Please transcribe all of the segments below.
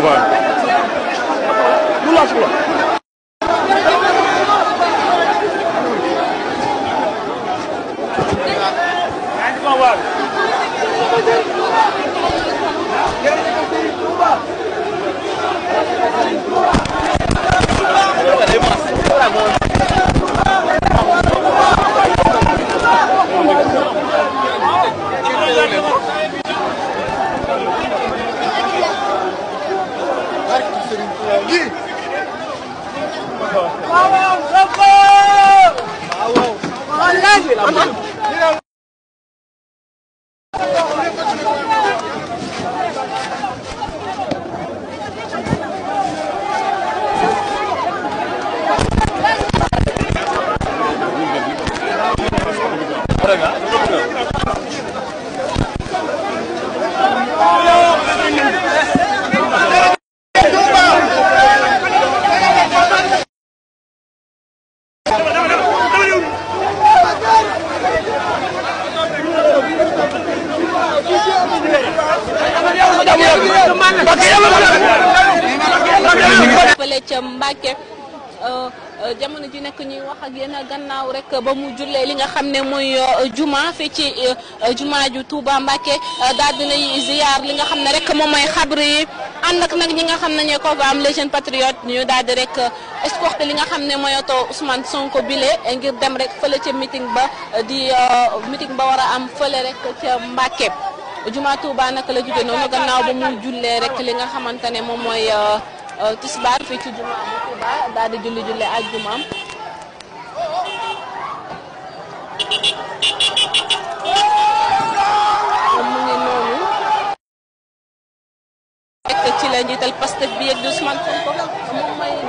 não Do não do lado. Thank you. yìí. Báwo ń sọ́kọ́? Báwo? Ọlọ́run. fële ca Mbàkke euh, euh, jamono ji nekk ñuy wax ak yenn gannaaw rek ba mu jullee li nga xam ne mooy euh, juma fii ci juma ju Touba Mbacke daal dinay ziar li nga xam ne rek moom mooy xabru yi ànd ak nag ñi nga xam ne ñooy ko am les jeunes patriotes ñu daal di rek escorté li nga xam ne mooy oto Ousmane Sonko bile ngir dem rek fële ca meeting ba di meeting ba war a am fële rek ca Mbacke. juma Touba naka la jóge noonu gannaaw ba mu jullee rek li nga xamante ne moom mooy euh, euh, tisbaar fii ci juma bu Touba julli julli ak jumaam mu ngi noonu ci la njiital Pastef bi yegg Ousmane Sonko moom mooy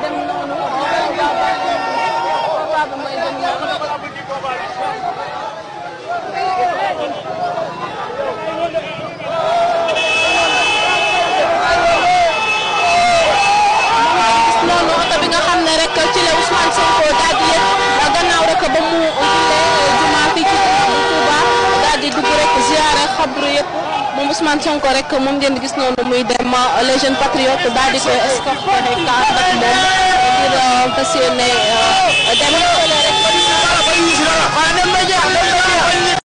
yëpp moom Ousmane Sonko rek moom ngeen gis noonu muy dem euh, les jeunes patriotes daal di koy escorté ak ànd